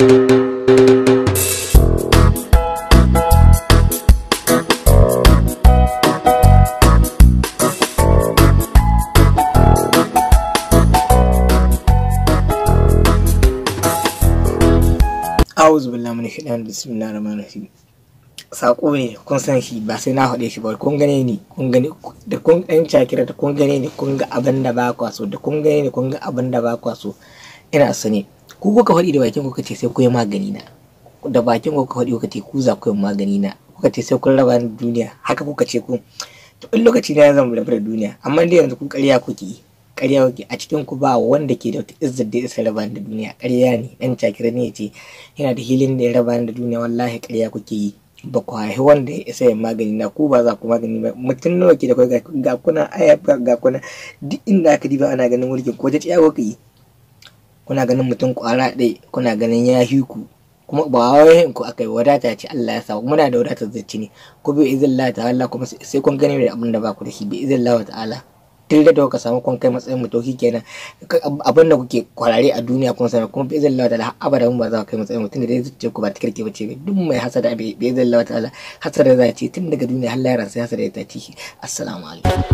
a'udhu billahi min shaitanir bismillahir rahmanir rahim sako ne kun san shi ba sai na haɗe shi ba kun gane ni kun gane da kun dan cakira da kun gane ni kun ga abin da ba kwaso da kun gane ni kun ga abin da ba kwaso so ina sani ku kuka faɗi da bakin kuka ce sai ku yi magani na da bakin kuka faɗi kuka ce ku za ku yi magani na kuka ce sai kun raba ni duniya haka kuka ce ku to in lokaci na ya zama da duniya amma dai yanzu ku ƙarya kuke ƙarya kuke a cikin ku ba wanda ke da wata izzar da isa raba da duniya ƙarya ne dan cakira ne ce yana da hilin da ya raba da duniya wallahi ƙarya kuke yi ba ku haihu wanda ya isa yin magani na ku ba za ku magani ba mutum nawa ke da kai ga kuna aya ga kuna duk inda aka diba ana ganin mulkin ko ta ciya kuke yi kuna ganin mutum kwara ɗaya kuna ganin ya ku kuma ba wai ku aka yi wadata ce Allah ya sa muna da wadata zaci ne ku bi izin Allah ta'ala kuma sai kun gani da abin da ba ku da shi bi izin Allah ta'ala tun da kuka samu kun kai matsayin mutoki kenan abin da kuke kwarare a duniya kun sami kuma bi izin Allah ta'ala abada mun ba za ku kai matsayin mutum da zai ku ba ta kirki ba ce duk mai hasada bi izin Allah ta'ala hasada za ce tun daga duniya Allah ya sai hasada ya ta ci assalamu alaikum